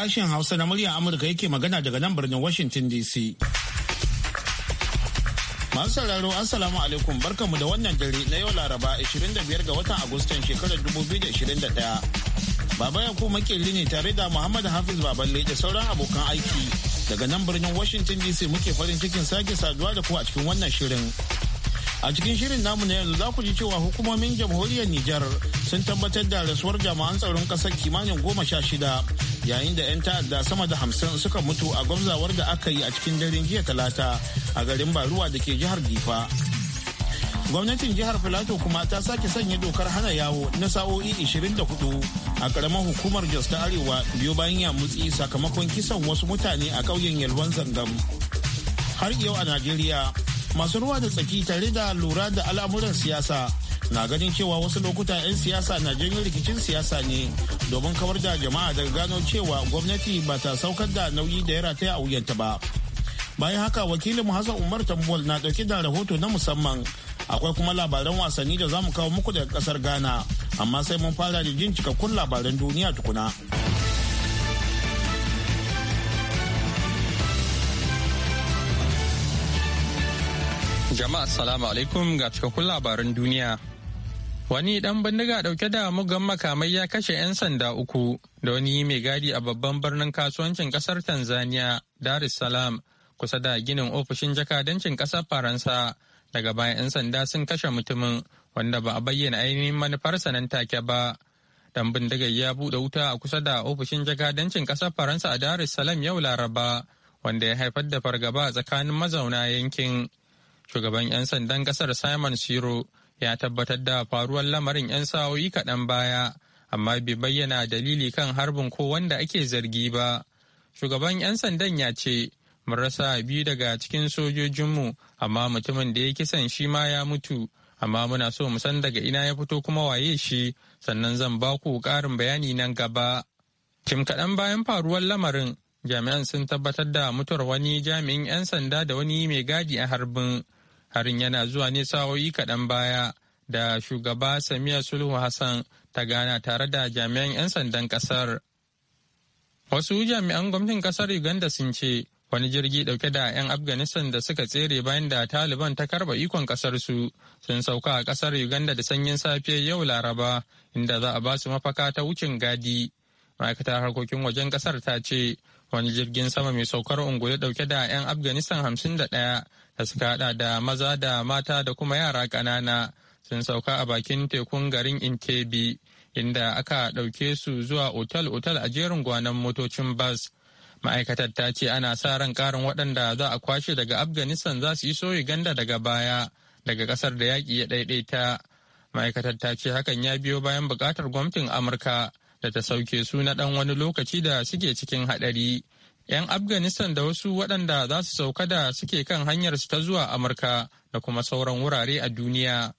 Sashen Hausa na murya Amurka yake magana daga nan birnin Washington DC. Masu sauraro Assalamu alaikum barkanmu da wannan dare na yau Laraba 25 ga watan Agustan shekarar 2021. Baba ya kuma ne tare da Muhammad Hafiz Baballe da sauran abokan aiki daga nan birnin Washington DC muke farin cikin sake saduwa da ku a cikin wannan shirin. a cikin shirin namu na yanzu za ku ji cewa hukumomin jamhuriyar Nijar sun tabbatar da rasuwar jama'an tsaron kasar kimanin goma sha shida yayin da 'yan ta'adda sama da hamsin suka mutu a gwamzawar da aka yi a cikin daren jiya talata a garin baruwa da ke jihar difa gwamnatin jihar filato kuma ta sake sanya dokar hana yawo na sa'o'i 24 a karamar hukumar jos ta arewa biyo bayan ya mutsi sakamakon kisan wasu mutane a ƙauyen yalwan zangam har yau a najeriya masu ruwa da tsaki tare da lura da al'amuran siyasa na ganin cewa wasu lokuta 'yan siyasa na janyo rikicin siyasa ne domin kawar da jama'a daga gano cewa gwamnati ba ta saukar da nauyi da ya rataya a wuyanta ba bayan haka wakilin hassan umar tambol na dauke da rahoto na musamman akwai kuma labaran wasanni da zamu kawo muku daga kasar ghana amma sai mun fara da jin cikakkun labaran duniya tukuna. Jama'a salamu alaikum ga cikakkun labaran duniya. wani dan bindiga dauke da mugan makamai ya kashe 'yan sanda uku da wani mai gadi a babban birnin kasuwancin kasar tanzania dar es salaam kusa da ginin ofishin jakadancin kasar faransa daga baya 'yan sanda sun kashe mutumin wanda ba a bayyana ainihin manufarsa nan take ba dan bindigar ya bude wuta a kusa da ofishin jakadancin ƙasar faransa a dar es salaam yau laraba wanda ya haifar da fargaba tsakanin mazauna yankin shugaban 'yan sandan ƙasar simon siro ya tabbatar da faruwar lamarin 'yan sa'o'i kaɗan baya amma bai bayyana dalili kan harbin ko wanda ake zargi ba shugaban 'yan sandan ya ce mun rasa biyu daga cikin sojojinmu amma mutumin da ya kisan shi ma ya mutu amma muna so mu san daga ina ya fito kuma waye shi sannan zan ba ku karin bayani nan gaba tim kaɗan bayan faruwar lamarin jami'an sun tabbatar da mutuwar wani jami'in 'yan sanda da wani mai gadi a harbin harin yana zuwa ne sa'o'i kaɗan baya da shugaba samiya sulhu hassan ta gana tare da jami'an 'yan sandan ƙasar wasu jami'an gwamnatin ƙasar uganda sun ce wani jirgi ɗauke da 'yan afghanistan da suka tsere bayan da taliban ta karba ikon ƙasar su sun sauka a ƙasar uganda da sanyin safe yau laraba inda za a ba su mafaka ta wucin gadi ma'aikatar harkokin wajen ƙasar ta ce wani jirgin sama mai saukar ungulu ɗauke da 'yan afghanistan hamsin da ɗaya da suka hada da maza da mata da kuma yara ƙanana sun sauka a bakin tekun garin intebi inda aka ɗauke su zuwa otal-otal a jerin gwanan motocin bas. Ma'aikatar ta ce ana sa ran ƙarin waɗanda za a kwashe daga Afghanistan za su yi soyi ganda daga baya daga ƙasar da yaƙi ya ɗaiɗaita. Ma'aikatar ta ce hakan ya biyo bayan buƙatar gwamnatin Amurka da ta sauke su na ɗan wani lokaci da suke cikin haɗari. 'yan afghanistan da wasu waɗanda za su sauka da suke kan hanyar su ta zuwa amurka da kuma sauran wurare a duniya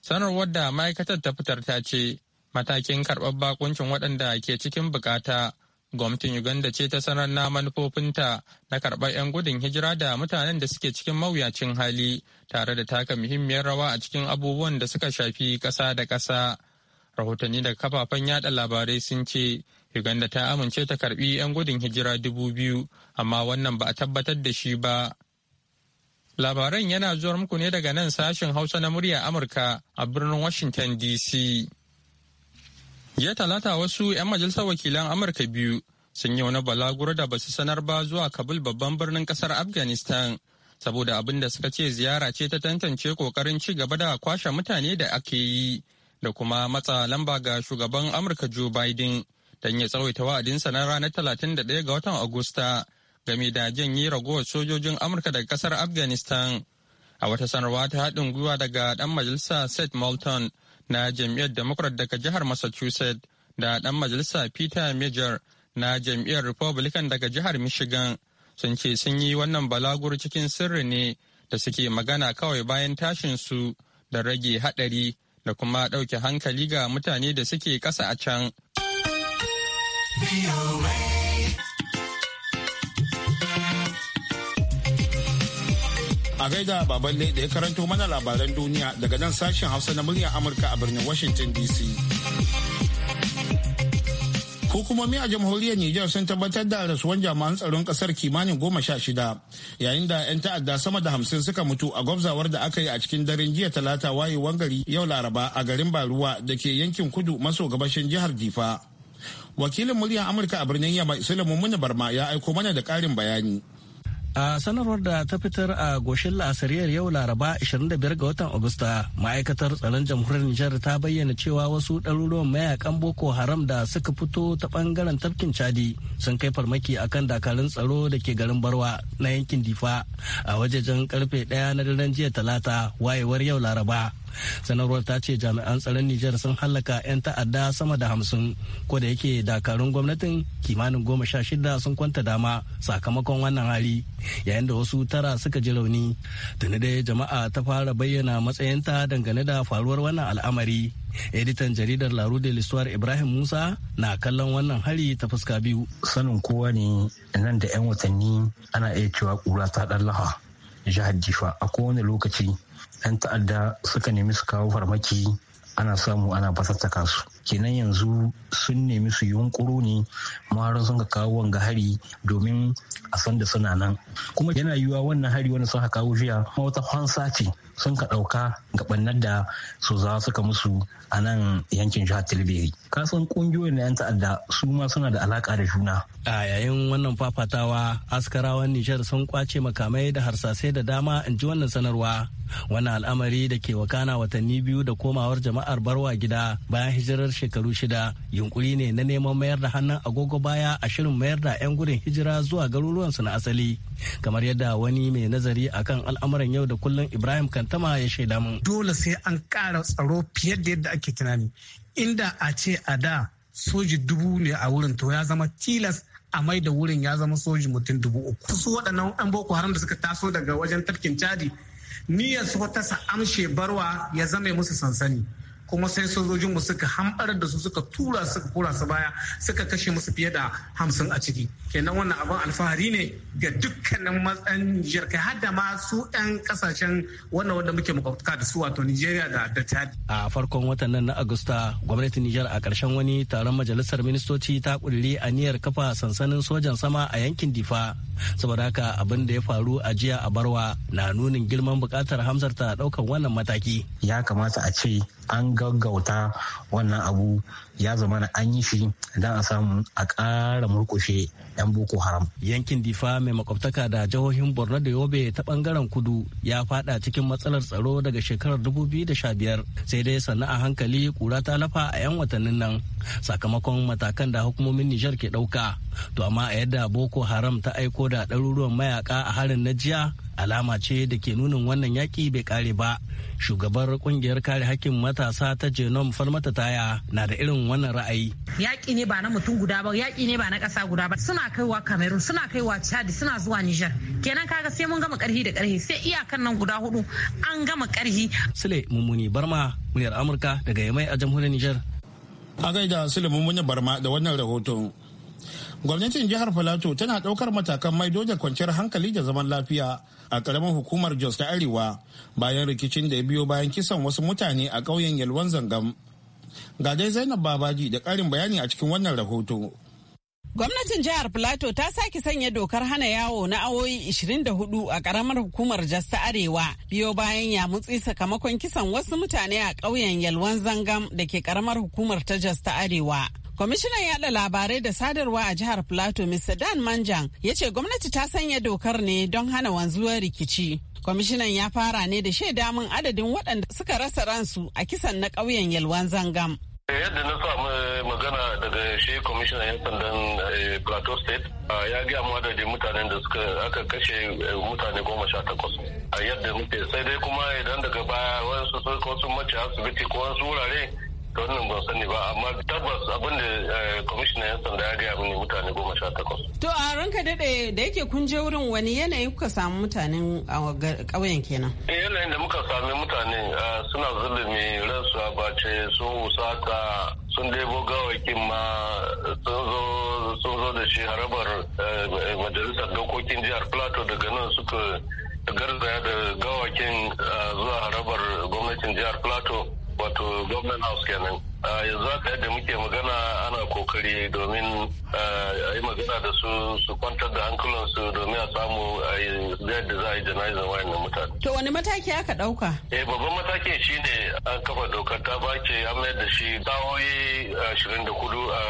sanarwar da ma'aikatar ta fitar ta ce matakin karɓar bakuncin waɗanda ke cikin bukata gwamnatin uganda ce ta sanar na manufofinta na karɓar 'yan gudun hijira da mutanen da suke cikin mawuyacin hali tare da taka muhimmiyar rawa a cikin abubuwan da suka shafi ƙasa da ƙasa rahotanni daga kafafen yada labarai sun ce Uganda ta amince ta karbi 'yan gudun hijira dubu biyu, amma wannan ba a tabbatar da shi ba. Labaran yana zuwa muku ne daga nan sashen Hausa na murya Amurka a birnin Washington DC. ya talata wasu 'yan majalisar wakilan Amurka biyu sun yi wani balaguro da basu sanar ba zuwa Kabul babban birnin kasar Afghanistan saboda abin da suka ce ziyara ce ta tantance kokarin ci gaba da kwashe mutane da ake yi da kuma matsa lamba ga shugaban Amurka Joe Biden don ya tsawaita wa'adinsa na ranar 31 ga watan Agusta game da janye ragowar sojojin Amurka daga kasar Afghanistan. A wata sanarwa ta haɗin gwiwa daga ɗan majalisa Seth Moulton na jam'iyyar Democrat daga jihar Massachusetts da ɗan majalisa Peter Major na jam'iyyar Republican daga jihar Michigan sun ce sun yi wannan balagur cikin sirri ne da suke magana kawai bayan tashin su da rage haɗari da kuma ɗauke hankali ga mutane da suke ƙasa a can. A gaida baballe da ya karanto mana labaran duniya daga nan sashen Hausa na murya Amurka a birnin Washington DC. Hukumomi a jamhuriyar Nijar sun tabbatar da rasuwan jami'an tsaron kasar kimanin goma sha shida yayin da 'yan ta'adda sama da hamsin suka mutu a gwabzawar da aka yi a cikin daren jiya talata wayewan gari yau laraba a garin Baruwa da ke yankin kudu maso gabashin jihar Difa. wakilin muryar amurka a birnin yamma sulaiman muni barma ya aiko mana da karin bayani a sanarwar da ta fitar a goshin la'asariyar yau laraba 25 ga watan agusta ma'aikatar tsaron jamhuriyar nijar ta bayyana cewa wasu ɗaruruwan mayakan boko haram da suka fito ta ɓangaren tafkin chadi sun kai farmaki akan dakarun tsaro da ke garin barwa na yankin difa a wajejen karfe ɗaya na daren jiya talata wayewar yau laraba sanarwar ta ce jami'an tsaron nijar sun hallaka 'yan ta'adda sama da hamsin ko da yake dakarun gwamnatin kimanin goma sha shida sun kwanta dama sakamakon wannan hali yayin da wasu tara suka ji rauni tuni dai jama'a ta fara bayyana matsayinta dangane da faruwar wannan al'amari editan jaridar laru de ibrahim musa na kallon wannan hari ta fuska biyu sanin kowa ne nan da 'yan watanni ana iya cewa kura ta ɗan laha jihar jifa a kowane lokaci 'yan ta'adda suka nemi su kawo farmaki ana samu ana fatattaka su kenan yanzu sun nemi su yunkuru ne mara sun ga kawo wanga hari domin a san da suna nan kuma yana yiwuwa wannan hari wanda sun kawo jiya kuma wata hansa ce sun ka ɗauka gabanar da su za suka musu a nan yankin jihar tilbiri san ƙungiyoyin na 'yan ta'adda su ma suna da alaka da juna a yayin wannan fafatawa askarawan nijar sun kwace makamai da harsasai da dama in ji wannan sanarwa wannan al'amari da ke wakana watanni biyu da komawar jama'ar barwa gida bayan hijirar shekaru shida yunkuri ne na neman mayar da hannun agogo baya a shirin mayar da 'yan gudun hijira zuwa garuruwansu na asali kamar yadda wani mai nazari akan al'amuran yau da kullum ibrahim kantama ya shaida mun dole sai an ƙara tsaro fiye da yadda ake tunani inda a ce a da soji dubu ne a wurin to ya zama tilas a mai da wurin ya zama soji mutum dubu uku su waɗannan 'yan boko haram da suka taso daga wajen tafkin cadi niyyar su ta amshe barwa ya zame musu sansani kuma sai sojojin mu suka hamɓarar da su suka tura suka kura su baya suka kashe musu fiye da hamsin a ciki kenan wannan abin alfahari ne ga dukkanin matsayin nijar kai har ma su 'yan kasashen wannan wanda muke makwabta da su wato nijeriya da da chad a farkon watan nan na agusta gwamnatin nijar a karshen wani taron majalisar ministoci ta a aniyar kafa sansanin sojan sama a yankin difa saboda haka abin da ya faru a jiya a barwa na nunin girman buƙatar hamsar ta ɗaukar wannan mataki ya kamata a ce an gaggauta wannan abu ya zama na an yi shi don a samu a ƙara murkushe 'yan boko haram. Yankin Difa mai makwabtaka da jihohin Borno da Yobe ta bangaren kudu ya fada cikin matsalar tsaro daga shekarar 2015 sai dai sannu a hankali kura ta lafa a 'yan watannin nan sakamakon matakan da hukumomin Nijar ke ɗauka. To amma a yadda Boko Haram ta aiko da ɗaruruwan mayaka a harin na jiya alama ce da ke nunin wannan yaƙi bai kare ba shugabar kungiyar kare hakkin matasa ta genome falmata taya na da irin wannan ra'ayi yaƙi ne ba na mutum guda ba yaƙi ne ba na ƙasa guda ba suna kaiwa cameroon suna kaiwa chad suna zuwa niger kenan kaga sai mun gama karhi da karhi sai iyakan nan guda hudu an gama karhi sule mummuni barma muryar amurka daga yamai a jamhuriyar niger a gaida sule mummuni barma da wannan rahoton gwamnatin jihar filato tana ɗaukar matakan maido da kwanciyar hankali da zaman lafiya a ƙaramin hukumar jos ta arewa bayan rikicin da ya biyo bayan kisan wasu mutane a ƙauyen yalwan zangam ga dai zainab babaji da karin bayani a cikin wannan rahoto gwamnatin jihar filato ta sake sanya dokar hana yawo na awoyi 24 a karamar hukumar jos ta arewa biyo bayan ya mutsi sakamakon kisan wasu mutane a ƙauyen yalwan zangam da ke ƙaramar hukumar ta jos ta arewa Kwamishinan yada labarai da sadarwa a jihar Plateau, Mr. Dan Manjan, ya ce gwamnati ta sanya dokar ne don hana wanzuwar rikici. Kwamishinan ya fara ne da shaida min adadin waɗanda suka rasa ransu a kisan na ƙauyen Yalwan Zangam. yadda na samu magana daga shi kwamishinan yan sandan eh, plateau state ya gaya mu adadin mutanen da suka aka kashe eh, mutane goma sha takwas a yadda muke sai dai kuma idan daga baya wasu sun mace asibiti ko wasu wurare to wannan ban sani ba amma tabbas abin da eh, kwamishinan yan sanda ya gaya mini mutane goma sha takwas. to a ranka daɗe da yake kun je wurin wani yanayi kuka samu mutanen a ƙauyen kenan. Eh, yanayin da muka sami mutane suna zulumi ransu a bace sun wusata sun debo gawakin ma sun zo da shi harabar eh, majalisar dokokin jihar plateau daga nan suka garzaya da gawakin zuwa harabar gwamnatin jihar plateau wato government house kenan yanzu haka yadda muke magana ana kokari domin a yi magana da su su kwantar da hankulansu domin a samu a yi yadda za a yi jana'izar wayannan mutane. To wani mataki aka ɗauka? Eh babban mataki shi ne an kafa dokar ta bace an mayar da shi tawoyi shirin da kudu a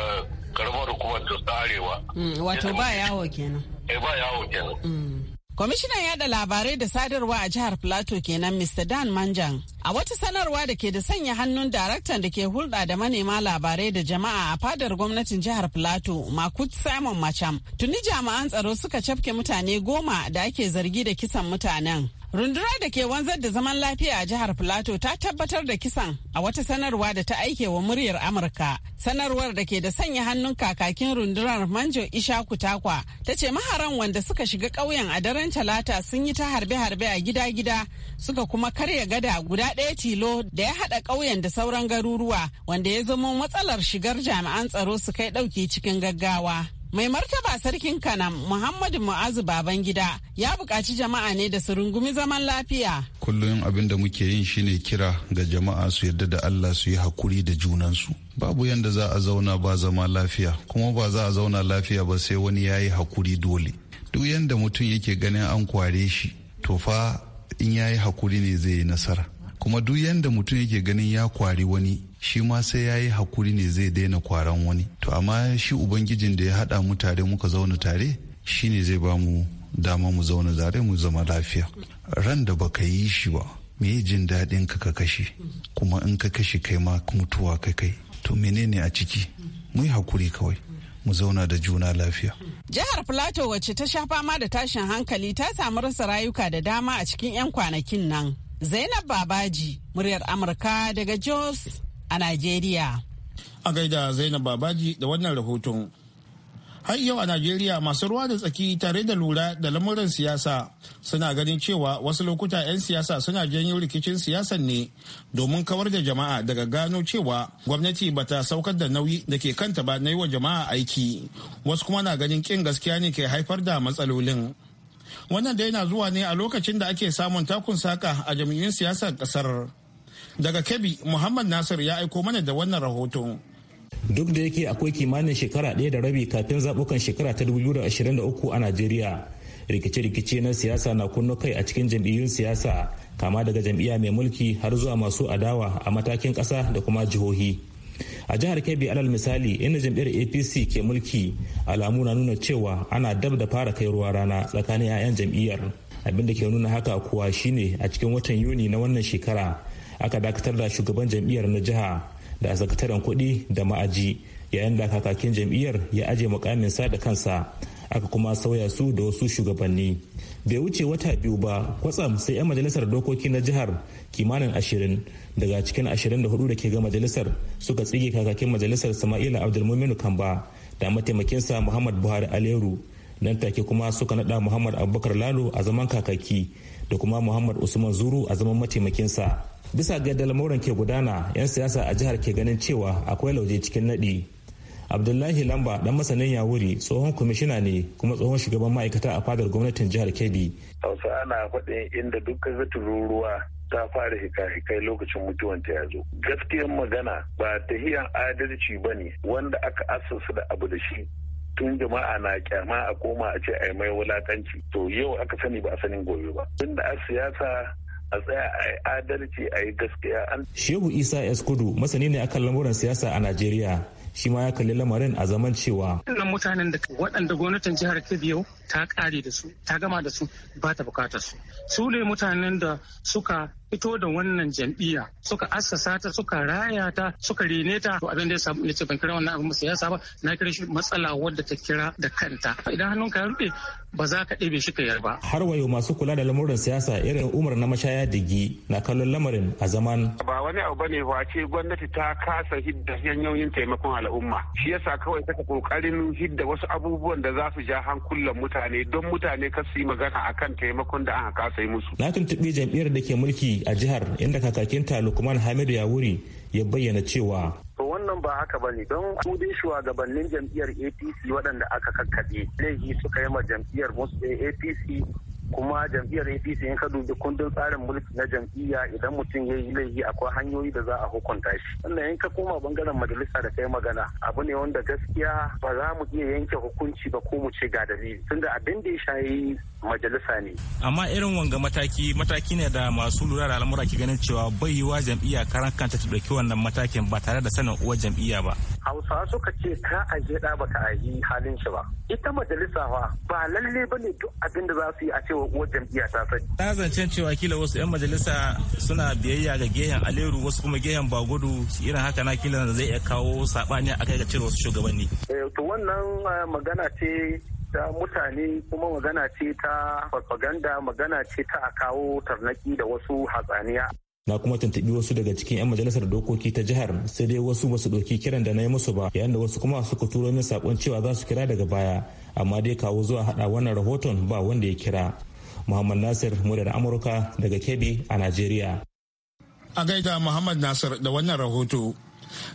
karamar hukumar Jos ta Arewa. Mm, wato ba yawo kenan. Eh ba yawo kenan. Mm. Kwamishinan yada labarai da sadarwa a jihar Plateau kenan Mr. Dan Manjan. A wata sanarwa da ke da sanya hannun daraktan da ke hulɗa da manema labarai da jama'a a fadar gwamnatin jihar Plateau Makut Simon Macham. Tuni jami'an tsaro suka cafke mutane goma da ake zargi da kisan mutanen. Rundunar da ke wanzar da zaman lafiya a jihar Filato ta tabbatar da kisan a wata sanarwa da ta aike wa muryar Amurka. Sanarwar da ke da sanya hannun kakakin rundunar Manjo Ishaku Takwa ta ce maharan wanda suka shiga ƙauyen a daren Talata sun yi ta harbe-harbe a gida-gida suka kuma karya gada guda ɗaya tilo da ya haɗa ƙauyen da sauran garuruwa wanda ya zama matsalar shigar jami'an tsaro su kai ɗauki cikin gaggawa. Mai martaba sarkin Kanam Muhammadu Mu'azu Babangida ya buƙaci jama'a ne da su rungumi zaman lafiya. Kullum abin da muke yin shine kira ga jama'a su yarda da Allah su yi hakuri da junansu. Babu yadda za a zauna ba zama lafiya, kuma ba za a zauna lafiya ba sai wani ya yi hakuri dole. Duk yadda mutum yake ganin an kware shi, to fa in ya yi hakuri ne zai yi nasara. kuma duk yadda mutum yake ganin ya kwari wani shi ma sai ya yi hakuri ne zai daina kwaran wani to amma shi ubangijin da ya haɗa mu tare muka zauna tare shi ne zai ba mu dama mu zauna tare mu zama lafiya ran da baka yi shi ba me jin daɗin ka ka kashe kuma in ka kashe kai ma mutuwa ka kai to menene a ciki mu yi hakuri kawai mu zauna da juna lafiya. Jihar Filato wacce ta sha fama da tashin hankali ta samu rasa rayuka da dama a cikin 'yan kwanakin nan. Zainab Babaji, muryar Amurka daga Jos a Najeriya. A gaida Zainab Babaji da wannan rahoton. Har yau a Najeriya masu ruwa da tsaki tare da lura da lamuran siyasa suna ganin cewa wasu lokuta 'yan siyasa suna janyo rikicin siyasan ne domin kawar da jama'a daga gano cewa gwamnati ba ta saukar da nauyi da ke kanta ba na yi wa jama'a aiki. Wasu kuma na ganin kin gaskiya ne ke haifar da matsalolin. wannan dai yana zuwa ne a lokacin da ake samun takun saka a jam'iyyun siyasar kasar daga kebbi muhammad nasir ya aiko mana da wannan rahoto duk da yake akwai kimanin shekara ɗaya da rabi kafin zaɓukan shekara ta 2023 a najeriya rikice-rikice na siyasa na kunno kai a cikin jam'iyyun siyasa kama daga jam'iyya mai mulki har zuwa masu adawa a matakin ƙasa da kuma jihohi a jihar kebbi alal misali inda jam'iyyar apc ke mulki alamu na nuna cewa ana dab da fara kai ruwa rana tsakanin 'ya'yan jam'iyyar abin da ke nuna haka kuwa shine a cikin watan yuni na wannan shekara aka dakatar da shugaban jam'iyyar na jiha da sakataren kuɗi da ma'aji yayin da kakakin jam'iyyar ya aje mukamin sa da kansa aka kuma sauya su da wasu shugabanni bai wuce wata biyu ba kwatsam sai 'yan majalisar dokoki na jihar kimanin ashirin daga cikin ashirin da hudu da ke ga majalisar suka tsige kakakin majalisar sama'ila abdulmuminu kamba da mataimakinsa muhammad buhari aleru nan take kuma suka nada muhammad abubakar lalo a zaman kakaki da kuma muhammad usman zuru a zaman mataimakinsa bisa ga lamuran ke gudana 'yan siyasa a jihar ke ganin cewa akwai lauje cikin nadi abdullahi lamba dan masanin yawuri tsohon kwamishina ne kuma tsohon shugaban ma'aikata a fadar gwamnatin jihar kebbi hausa ana faɗin inda duk ka tururuwa ta fara hika-hikai lokacin mutuwan ta zo. Gaskiyan magana ba ta hiyan adalci ba ne wanda aka asusu da abu da shi tun jama'a na kyama a koma a ce a mai wulakanci to yau aka sani ba a sanin gobe ba tun da a siyasa a tsaya a adalci a yi gaskiya. Shehu Isa S. Kudu masani ne akan lamuran siyasa a Najeriya. shi ma ya kalli lamarin a zaman cewa. Wannan mutanen da waɗanda gwamnatin jihar kibiyo ta ƙare da su, ta gama da su, ba ta bukatar su. Su ne mutanen da suka fito da wannan jam'iyya suka assasa ta suka raya ta suka rene ta to abin da ya samu ne ce ban kira wannan abin siyasa ba na kira shi matsala wadda ta kira da kanta idan hannunka ya rufe ba za ka ɗebe shi ka yarba. Har wayo masu kula da lamurin siyasa irin Umar na mashaya digi na kallon lamarin a zaman. Ba wani abu bane ce gwamnati ta kasa hidda hanyoyin taimakon al'umma. Shi yasa kawai ta kokarin hidda wasu abubuwan da za su ja hankulan mutane don mutane kar su yi magana akan taimakon da aka kasa yi musu. Na tuntuɓi jam'iyyar da ke mulki a jihar inda kakakinta lukman hamidu yawuri ya bayyana cewa to wannan ba haka ba ne don su dai shugabannin jam'iyyar apc waɗanda aka kakkaɓe laifi suka yi ma jam'iyyar musu apc kuma jam'iyyar apc in ka dubi kundin tsarin mulki na jam'iyya idan mutum ya yi laifi akwai hanyoyi da za a hukunta shi sannan in ka koma bangaren majalisa da kai magana abu ne wanda gaskiya ba za mu iya yanke hukunci ba ko mu ce ga dalili tunda abin da ya shayi majalisa ne amma irin wanga mataki mataki ne da masu lura da al'amura ke ganin cewa bai yiwa jam'iyya karan kanta ta dauki wannan matakin ba tare da sanin uwar jam'iyya ba hausawa suka ce ka je da baka yi halin shi ba ita majalisa fa ba lalle bane duk abin da za su yi a ce cewa uwar jam'iyya ta sani. Na zancen cewa kila wasu 'yan majalisa suna biyayya ga gehen Aleru wasu kuma gehen Bagudu irin haka na kila zai iya kawo saɓani a kai ga cire wasu shugabanni. Eh, to wannan eh, magana ce ta mutane kuma magana ce ta farfaganda magana ce ta a kawo tarnaki da wasu hatsaniya. na kuma tuntubi wasu daga cikin 'yan majalisar dokoki ta jihar sai dai wasu ba su ɗauki kiran da na yi musu ba yayin da wasu kuma suka turo min saƙon cewa za su kira daga baya amma dai kawo zuwa hada wannan rahoton ba wanda ya kira muhammad nasir muryar amurka daga kebe a nigeria. a gaida muhammad nasir da wannan rahoto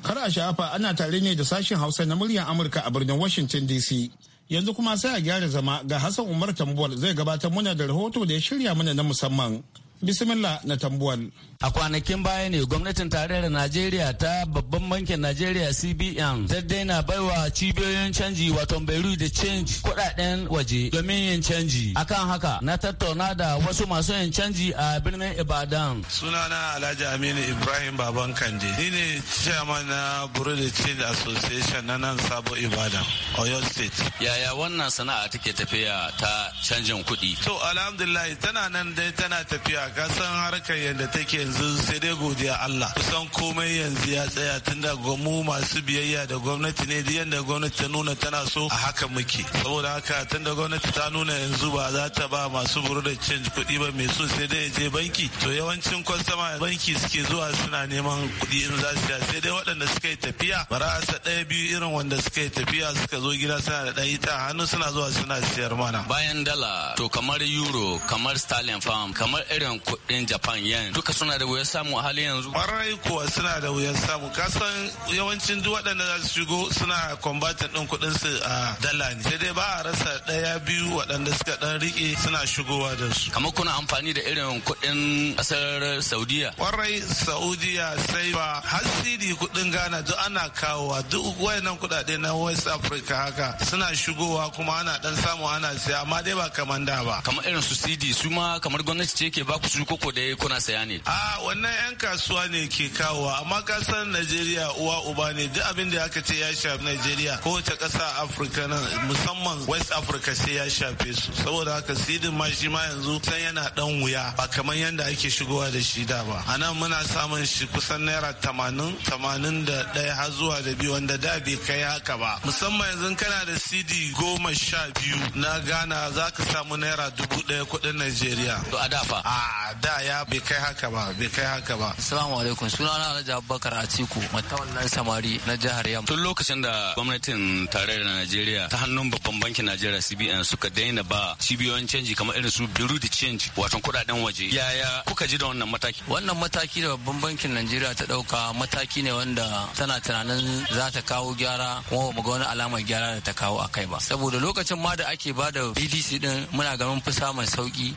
kar a shafa ana tare ne da sashen hausa na muryar amurka a birnin washington dc yanzu kuma sai a gyara zama ga hassan umar tambuwal zai gabatar muna da rahoto da ya shirya mana na musamman Bismillah na tambuwan. A kwanakin baya ne gwamnatin tarayyar Najeriya ta babban bankin Najeriya CBN ta daina baiwa cibiyoyin canji wato Beirut da Change kudaden waje domin yin canji. Akan haka na tattauna da wasu masu yin canji a birnin Ibadan. Sunana Alhaji Aminu Ibrahim Baban Kande. Ni ne chairman na Bureau de Change Association na nan Sabo Ibadan, Oyo State. Yaya wannan sana'a take tafiya ta canjin kuɗi? To alhamdulillah tana nan dai tana tafiya san harkar yadda take yanzu sai dai godiya Allah kusan komai yanzu ya tsaya tun da mu masu biyayya da gwamnati ne duk yadda gwamnati ta nuna tana so a haka muke saboda haka tun da gwamnati ta nuna yanzu ba za ta ba masu buru da change kuɗi ba mai so sai dai je banki to yawancin kwastama banki suke zuwa suna neman kuɗi in za su sai dai waɗanda suka yi tafiya Bara bara'asa ɗaya biyu irin wanda suka yi tafiya suka zo gida suna da ɗan ita hannu suna zuwa suna siyar mana bayan dala to kamar euro kamar stalin farm kamar irin irin kuɗin japan yen duka suna da wuyar samu a halin yanzu Warai kuwa suna da wuyar samu kasan yawancin duk waɗanda za su shigo suna kwambatin ɗin kuɗin su a dala ne sai dai ba a rasa ɗaya biyu waɗanda suka ɗan riƙe suna shigowa da su kamar kuna amfani da irin kuɗin ƙasar saudiya Warai saudiya sai ba har sidi kuɗin ghana duk ana kawowa duk wayannan kuɗaɗe na west africa haka suna shigowa kuma ana ɗan samu ana siya amma dai ba kamar da ba kamar irin su sidi su ma kamar gwamnati ce ke baku su koko dai kuna saya ne a wannan yan kasuwa ne ke kawowa amma kasar najeriya uwa uba ne duk abin da aka ce ya shafi najeriya ta kasa afirka nan musamman west africa sai ya shafe su saboda haka sidin ma shi ma yanzu san yana dan wuya ba kamar yadda ake shigowa da shi da ba a nan muna samun shi kusan naira tamanin tamanin da ɗaya har zuwa da biyu wanda da bai kai haka ba musamman yanzu kana da cd goma sha biyu na ghana za ka samu naira dubu ɗaya kuɗin najeriya to a dafa Ah. a da ya bai kai haka ba bai kai haka ba assalamu alaikum sunana alhaji abubakar atiku matawallan samari na jihar yamma tun lokacin da gwamnatin tarayyar najeriya ta hannun babban bankin najeriya cbn suka daina ba cibiyoyin canji kamar irin su biro da change wato kudaden waje yaya kuka ji da wannan mataki wannan mataki da babban bankin najeriya ta dauka mataki ne wanda tana tunanin za ta kawo gyara kuma ba ga wani alamar gyara da ta kawo akai ba saboda lokacin ma da ake ba da bdc din muna ganin fi samun sauki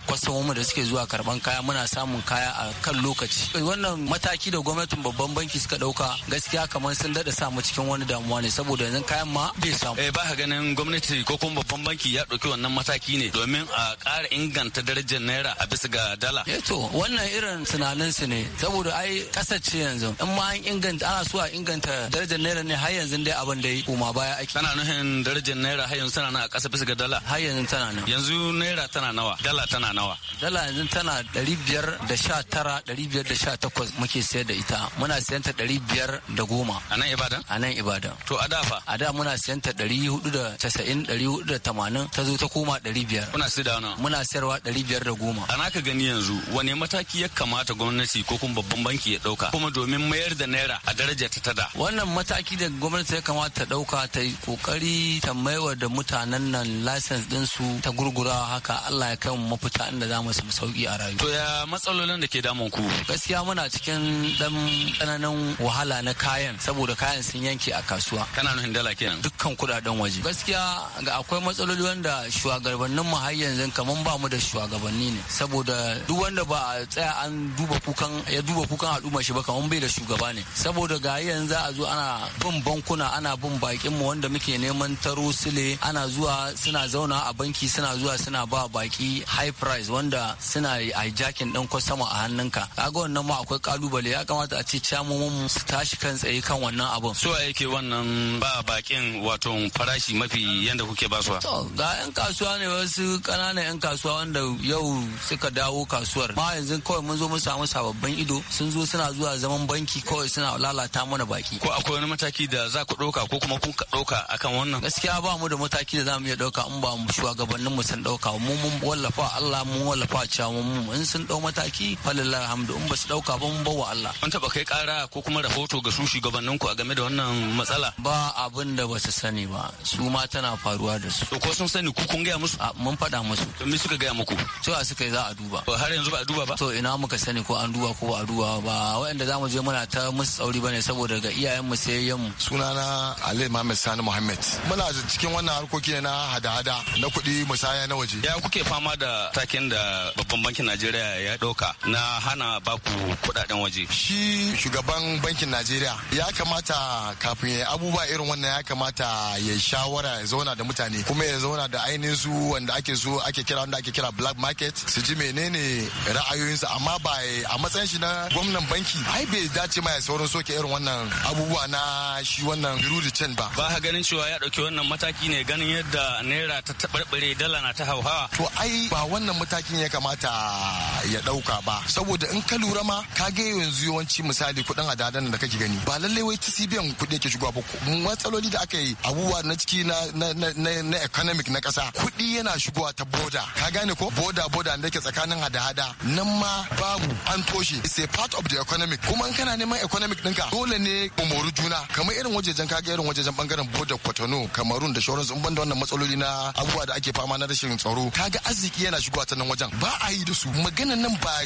mu da suke zuwa karban kaya kaya muna samun kaya a kan lokaci wannan mataki da gwamnatin babban banki suka dauka gaskiya kamar sun dada samu cikin wani damuwa ne saboda yanzu kayan ma bai samu eh ba ganin gwamnati ko kuma babban banki ya dauki wannan mataki ne domin a ƙara inganta darajar naira a bisa ga dala eh to wannan irin tunanin su ne saboda ai kasar ce yanzu in ma an inganta ana so a inganta darajar naira ne har yanzu dai abin da ya koma baya ake tana nuhin darajar naira har yanzu tana nan a ƙasa bisa ga dala har yanzu tana nan yanzu naira tana nawa dala tana nawa dala yanzu tana 519 muke sayar da ita muna sayan ta 510 a nan ibadan a nan ibadan to a da fa a da muna sayan ta 490,480 ta zo ta koma 500 muna sayar da wannan muna sayarwa 510 A naka gani yanzu wane mataki ya kamata gwamnati ko kuma babban banki ya dauka kuma domin mayar da naira a daraja ta tada wannan mataki da gwamnati ya kamata ta dauka ta yi kokari ta maiwa da mutanen nan license din su ta gurgura haka Allah ya kai mu mafita inda za mu samu sauki a rayuwa To ya matsalolin da ke damun ku? Gaskiya muna cikin dan tsananin wahala na kayan saboda kayan sun yanke a kasuwa. Kana nufin dala kenan? Dukkan kudaden waje. Gaskiya ga akwai matsaloli wanda shugabannin mu har yanzu kaman ba mu da shugabanni ne saboda duk wanda ba a tsaya an duba kukan ya duba kukan al'umma shi ba kaman bai da shugaba ne saboda ga yanzu za a zo ana bin bankuna ana bin bakin mu wanda muke neman taro sile ana zuwa suna zauna a banki suna zuwa suna ba baki high price wanda suna a jakin ɗin kwastama a hannunka kaga wannan ma akwai kalubale ya kamata a ce camomin su tashi kan tsaye kan wannan abun so yake wannan ba bakin wato farashi mafi yanda kuke basuwa to ga yan kasuwa ne wasu ƙananan yan kasuwa wanda yau suka dawo kasuwar ma yanzu kawai mun zo mun samu sababbin ido sun zo suna zuwa zaman banki kawai suna lalata mana baki ko akwai wani mataki da za ku ɗauka ko kuma kun ka ɗauka akan wannan gaskiya ba mu da mataki da za mu iya ɗauka in ba mu shugabannin mu sun ɗauka mu mun wallafa Allah mun wallafa cewa mu in sun dau mataki falillah hamdu in ba su dauka ba mun bawa Allah an taba kai kara ko kuma rahoto ga su shugabannin ku a game da wannan matsala ba abin da ba su sani ba su ma tana faruwa da su ko sun sani ku kun gaya musu mun faɗa musu to me suka gaya muku cewa suka yi za a duba har yanzu ba a duba ba to ina muka sani ko an duba ko ba a duba ba waɗanda za mu je muna ta musu tsauri bane saboda ga iyayen mu sai yan mu sunana Ali Muhammad Sani Muhammad muna cikin wannan harkoki na hada-hada na kuɗi musaya na waje ya kuke fama da taken da babban bankin Najeriya Najeriya ya ɗauka na hana baku kuɗaɗen waje. Shi shugaban bankin Najeriya ya kamata kafin ya abubuwa irin wannan ya kamata ya shawara ya zauna da mutane kuma ya zauna da ainihin su wanda ake so ake kira wanda ake kira black market su ji menene ra'ayoyinsu amma ba a matsayin shi na gwamnan banki ai bai dace ma ya saurin soke irin wannan abubuwa na shi wannan biruri can ba. Ba ganin cewa ya ɗauki wannan mataki ne ganin yadda naira ta taɓarɓare dala na ta hauhawa. To ai ba wannan matakin ya kamata ya dauka ba saboda in ka lura ma ka ga yanzu yawanci misali kudin adadan da kake gani ba lalle wai TCBN kudi yake shigowa ba matsaloli da aka yi abubuwa na ciki na na economic na kasa kudi yana shigowa ta boda ka gane ko boda boda da ke tsakanin hada-hada nan ma babu an toshe it's a part of the economic kuma in kana neman economic dinka dole ne mu juna kamar irin wajejen ga irin wajejen bangaren boda kwatano kamarun da shauran sun banda wannan matsaloli na abubuwa da ake fama na rashin tsaro ga arziki yana shigowa ta nan wajen ba a yi da su maganan nan ba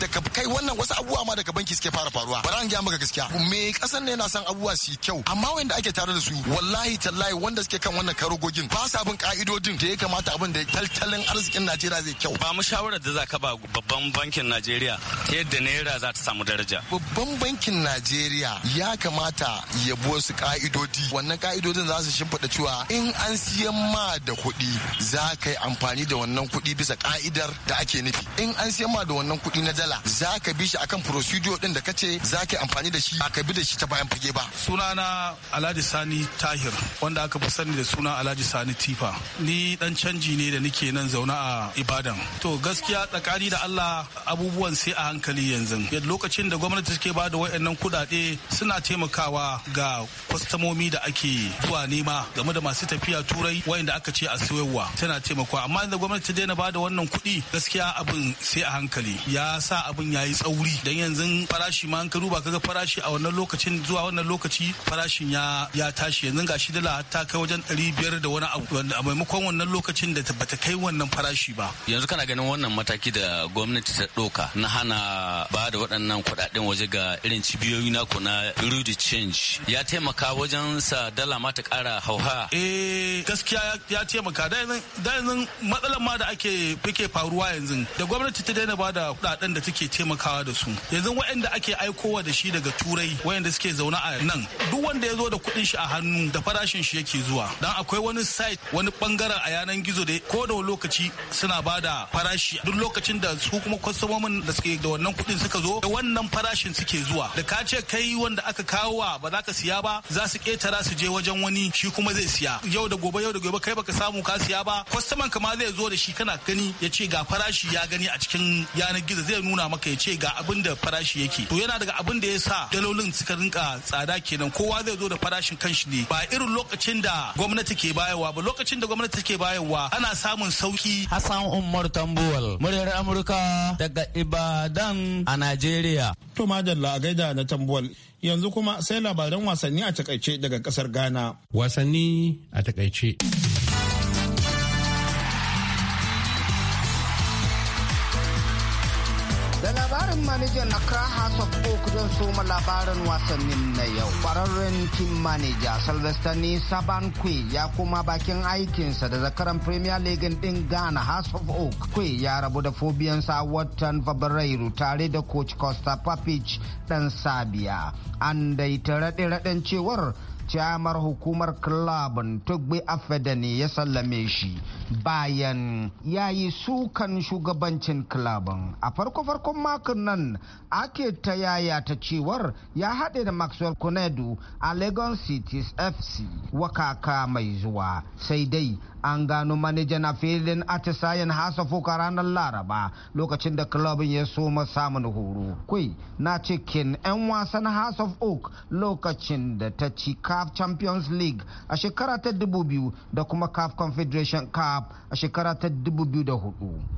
daga kai wannan wasu abubuwa ma daga banki suke fara faruwa bara an gaya maka gaskiya me kasan ne yana son abubuwa su kyau amma wanda ake tare da su wallahi tallahi wanda suke kan wannan karogogin ba sa bin ka'idodin da ya kamata abin da tattalin arzikin Najeriya zai kyau ba mu shawarar da za ka ba babban bankin Najeriya ta yadda naira za ta samu daraja babban bankin Najeriya ya kamata ya bi wasu ka'idodi wannan ka'idodin za su shimfiɗa cewa in an siyan ma da kuɗi za ka yi amfani da wannan kuɗi bisa ka'idar da ake nufi in an siyan ma da wannan kuɗi na dala za ka bi shi akan procedure din da ka ce za ka amfani da shi ka bi da shi ta bayan fage ba sunana Alhaji Sani Tahir wanda aka fi sani da suna Alhaji Sani Tifa ni dan canji ne da nike nan zaune a Ibadan to gaskiya tsakani da Allah abubuwan sai a hankali yanzu lokacin da gwamnati ke ba da wayannan kuɗaɗe suna taimakawa ga kwastamomi da ake zuwa nema game da masu tafiya turai wayanda aka ce a sayarwa tana taimakawa amma da gwamnati ta daina ba da wannan kuɗi gaskiya abin sai sai a hankali ya sa abin ya yi tsauri don yanzu farashi ma an ka kaga farashi a wannan lokacin zuwa wannan lokaci farashin ya ya tashi yanzu ga shi dala ta kai wajen ɗari biyar da wani abu a maimakon wannan lokacin da bata kai wannan farashi ba yanzu kana ganin wannan mataki da gwamnati ta ɗauka na hana ba da waɗannan kuɗaɗen waje ga irin cibiyoyi na na rude change ya taimaka wajen sa dala ma ta ƙara hauha eh gaskiya ya taimaka da yanzu matsalar ma da ake fike faruwa yanzu da gwamnati ta daina ba da kudaden da take taimakawa da su yanzu waɗanda ake aikowa da shi daga turai waɗanda suke zaune a nan duk wanda ya zo da kuɗin shi a hannu da farashin shi yake zuwa dan akwai wani site wani bangaren a yanan gizo da ko da lokaci suna ba da farashi duk lokacin da su kuma kwastomomin da suke da wannan kuɗin suka zo da wannan farashin suke zuwa da ka ce kai wanda aka kawo wa ba za ka siya ba za su ketara su je wajen wani shi kuma zai siya yau da gobe yau da gobe kai baka samu ka siya ba kwastoman ka ma zai zo da shi kana gani ya ce ga farashi ya gani a cikin yanar gizo zai nuna maka ya ce ga abin da farashi yake to yana daga abin da ya sa dalolin suka rinka tsada kenan kowa zai zo da farashin kanshi ne ba irin lokacin da gwamnati ke bayarwa ba lokacin da gwamnati ke bayarwa ana samun sauki Hassan Umar Tambuwal muryar Amurka daga Ibadan a Najeriya to madalla a gaida na Tambuwal yanzu kuma sai labaran wasanni a takaice daga kasar Ghana wasanni a takaice na House of Oak soma labarin wasannin na yau. Kwararren team manager Sylvester ni Saban Kwe ya kuma bakin aikinsa da zakaran Premier League din Ghana House of Oak. Kwe ya rabu da fobiyansa watan Fabrairu tare da coach Costa Papic dan Sabia. An daita raɗe-raɗen cewar jamar hukumar club Tugbe Afedani ya sallame shi. bayan ya yi sukan shugabancin kilabin a farko-farkon makon nan ake ta yaya ta cewar ya haɗe da maxwell conedo a lagos cities fc wakaka mai zuwa sai dai an gano manajan a filin atisayen hasa fuka ranar laraba lokacin da kilabin ya ma samun horo kwai na cikin 'yan wasan house of oak lokacin da ta ci caf champions league a shekara ta 2000 da kuma caf confederation cup cup a shekara ta 2004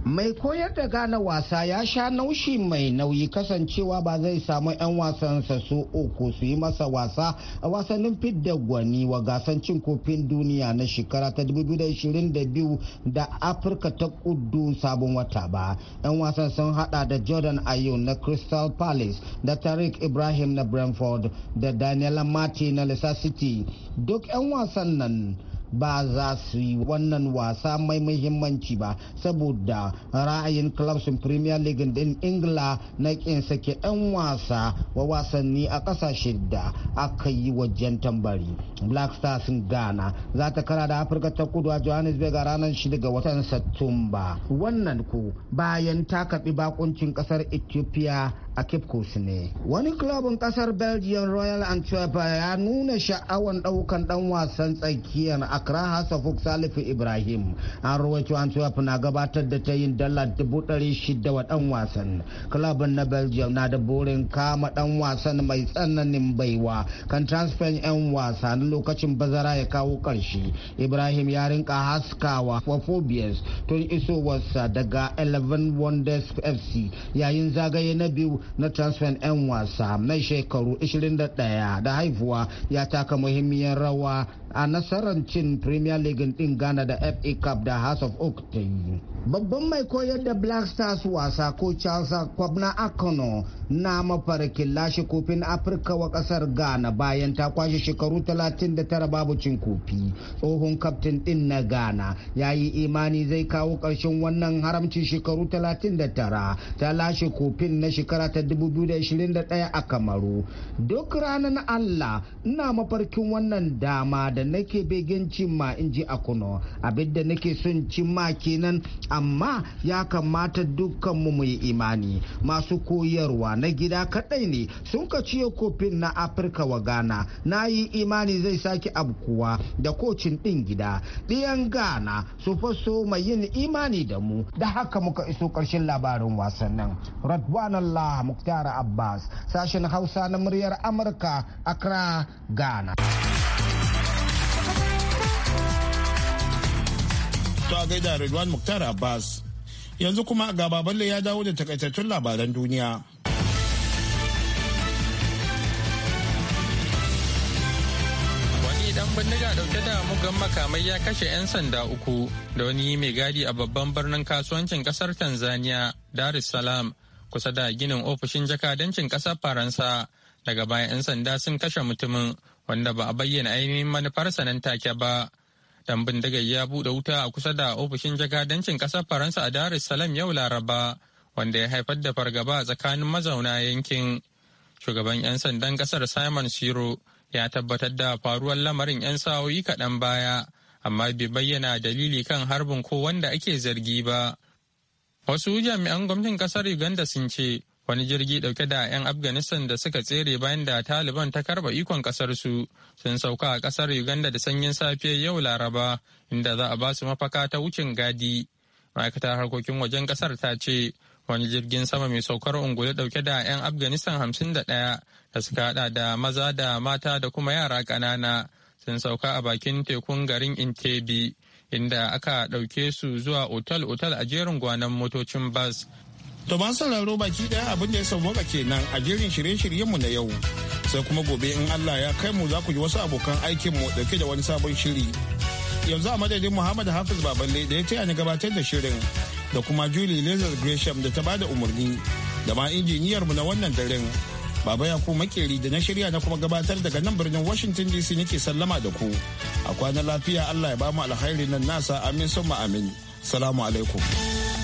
mai koyar da gane wasa ya sha naushi mai nauyi kasancewa ba zai samu 'yan wasansa su uku su yi masa wasa a wasannin fidda gwani wa gasan cin kofin duniya na shekara ta 2022 da afirka ta kudu sabon wata ba 'yan wasan sun hada da jordan ayew na crystal palace da tariq ibrahim na brentford da daniela martin na lissa city duk 'yan wasan nan ba za su yi wannan wasa mai muhimmanci ba saboda ra'ayin clubs premier league din ingila na kin sake ɗan wasa wa wasanni a kasashe da aka yi wajen tambari black stars ghana za ta kara da afirka ta kudu a johannesburg a ranar shi ga watan satumba wannan ku bayan ta kaɓi bakuncin kasar ethiopia a cape coast ne wani klabin kasar belgium royal antwerp ya nuna sha'awar daukan dan wasan tsakiyar accra hasafuk salifu ibrahim an rawaito antwerp na gabatar da ta yin dala dubu ɗari shida wa dan wasan klabin na belgium na da burin kama dan wasan mai tsananin baiwa kan transfer 'yan wasa na lokacin bazara ya kawo ƙarshe ibrahim ya rinka haskawa wa phobias tun isowarsa daga 11 wonders fc yayin zagaye na biyu na transfer 'yan wasa mai shekaru 21 da haifuwa ya taka muhimmiyar rawa a nasarar cin premier league din ghana da fa cup da house of oak ta yi babban mai koyar da black stars wasa ko charles kwabna akono na mafarkin lashe kofin afirka wa kasar ghana bayan ta kwashe shekaru 39 babu cin kofi tsohon kaftin din na ghana ya yi imani zai kawo ƙarshen wannan haramcin shekaru 39 ta lashe kofin na shekara shekara ta 2021 a kamaru duk ranar allah ina mafarkin wannan dama da nake begen cimma in ji akuno abin da nake son cimma kenan amma ya kamata dukkanmu mu yi imani masu koyarwa na gida kadai ne sun ka ciye kofin na afirka wa ghana na yi imani zai sake abkuwa da kocin ɗin gida ɗiyan ghana su faso mai yin imani da mu da haka muka iso ƙarshen labarin wasannin Allah. Mukhtar Muktar Abbas sashen Hausa na muryar Amurka Accra Ghana. To a gaida Ridwan Muktar Abbas yanzu kuma ga baballe ya dawo da takaitattun labaran duniya. Wani bindiga dauke da mugan makamai ya kashe 'yan sanda uku da wani mai gadi a babban birnin kasuwancin kasar tanzania dar es salaam kusa da ginin ofishin jakadancin ƙasar faransa daga baya 'yan sanda sun kashe mutumin wanda ba a bayyana ainihin manufarsa nan take ba dan bindigar ya bude wuta a kusa da ofishin jakadancin ƙasar faransa a dar es salaam yau laraba wanda ya haifar da fargaba tsakanin mazauna yankin shugaban 'yan sandan ƙasar simon siro ya tabbatar da faruwar lamarin 'yan sa'o'i kaɗan baya amma bai bayyana dalili kan harbin ko wanda ake zargi ba. Wasu jami'an gwamnatin kasar Uganda sun ce wani jirgi dauke da 'yan Afghanistan da suka tsere bayan da Taliban ta karba ikon kasar su sun sauka a kasar Uganda da sanyin safiyar yau Laraba inda za a ba su mafaka ta wucin gadi. Ma'aikatar harkokin wajen kasar ta ce wani jirgin sama mai saukar ungulu dauke da 'yan Afghanistan hamsin da ɗaya da suka hada da maza da mata da kuma yara ƙanana sun sauka a bakin tekun garin Intebi. inda aka ɗauke su zuwa otal-otal a jerin gwanan motocin bas. To ban sauraro baki ɗaya abin da ya sauwaka kenan a jerin shirye-shiryenmu na yau. Sai kuma gobe in Allah ya kai mu za ku ji wasu abokan aikinmu ɗauke da wani sabon shiri. Yanzu a madadin Muhammad Hafiz Baballe da ya taya ni gabatar da shirin da kuma Julie Lazar Gresham da ta bada umarni da ma injiniyarmu na wannan daren. Baba Yakubu Makeri da na shirya na kuma gabatar daga nan birnin Washington DC nake sallama da ku. A kwana lafiya Allah ya ba mu alkhairi nan nasa amin mu amin. Salamu alaikum.